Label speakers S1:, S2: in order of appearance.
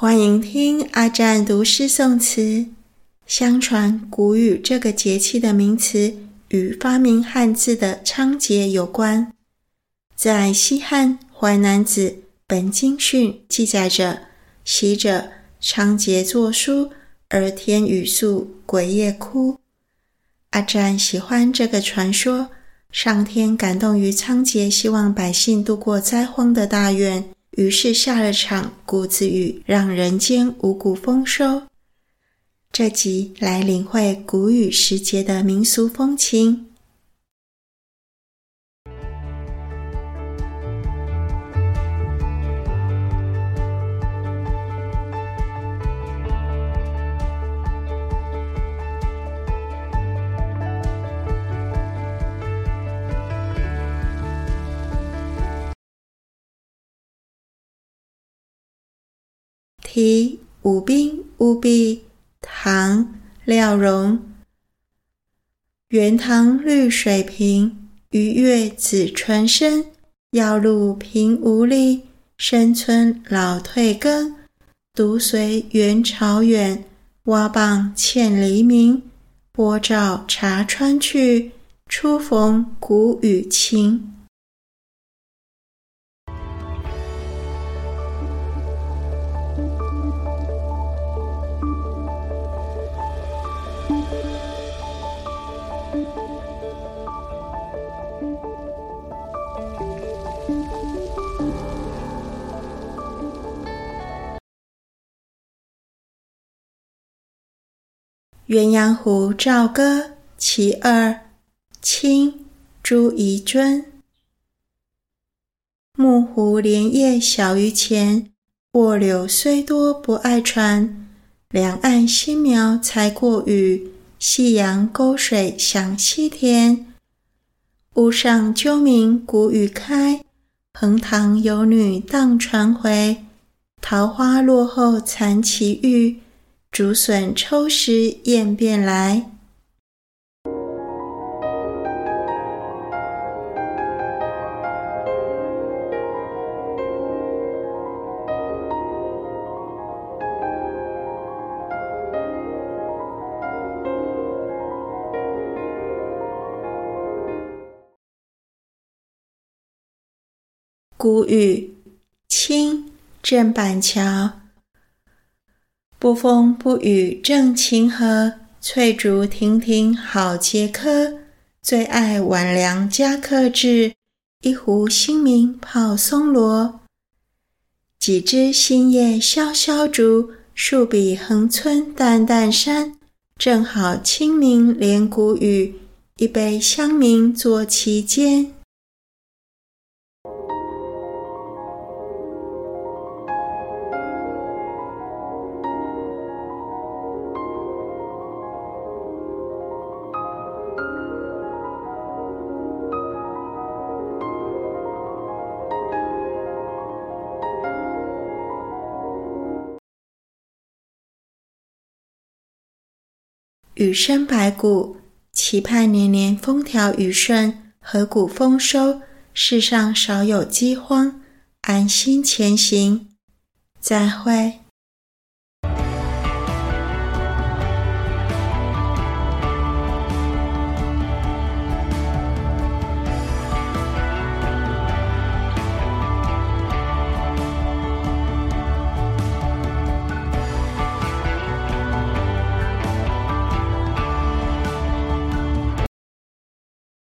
S1: 歡迎聽阿占讀詩頌詞。相傳“穀雨”這個節氣的名詞與發明漢字的倉頡有關。在西漢《淮南子·本經訓》記載着：“昔者倉頡作書，而天雨粟，鬼夜哭。”阿占喜歡這個傳說，上天感動於倉頡希望百姓度過災荒的大願。於是下了場穀子雨，讓人間五穀豐收。這集來領會穀雨時節的民俗風情。
S2: 題伍彬屋壁，唐，
S1: 廖融。圓塘綠水平，魚躍紫蓴生，要路貧無力，深村老退耕。犢隨原草遠，蛙傍塹籬鳴。撥棹茶川去，初逢穀
S2: 雨晴。鴛鴦湖棹歌其二，清
S1: ·朱彝尊。穆湖蓮葉小於錢，臥柳雖多不礙船。兩岸新苗才過雨，夕陽溝水響溪田。屋上鳩鳴穀雨開，橫塘游女蕩船回。桃花落後蠶齊浴。竹筍抽時燕便來。
S2: 穀雨，清，鄭板橋。不風不雨正晴
S1: 和，翠竹亭亭好節柯。最愛晚涼佳客至，一壺新茗泡松蘿。幾枝新葉蕭蕭竹，數筆橫皴淡淡山。正好清明連穀雨，一杯香茗坐其
S2: 間。雨生百穀，期盼年年風調雨順，
S1: 河谷豐收，世上少有饑荒，安心前行。再會。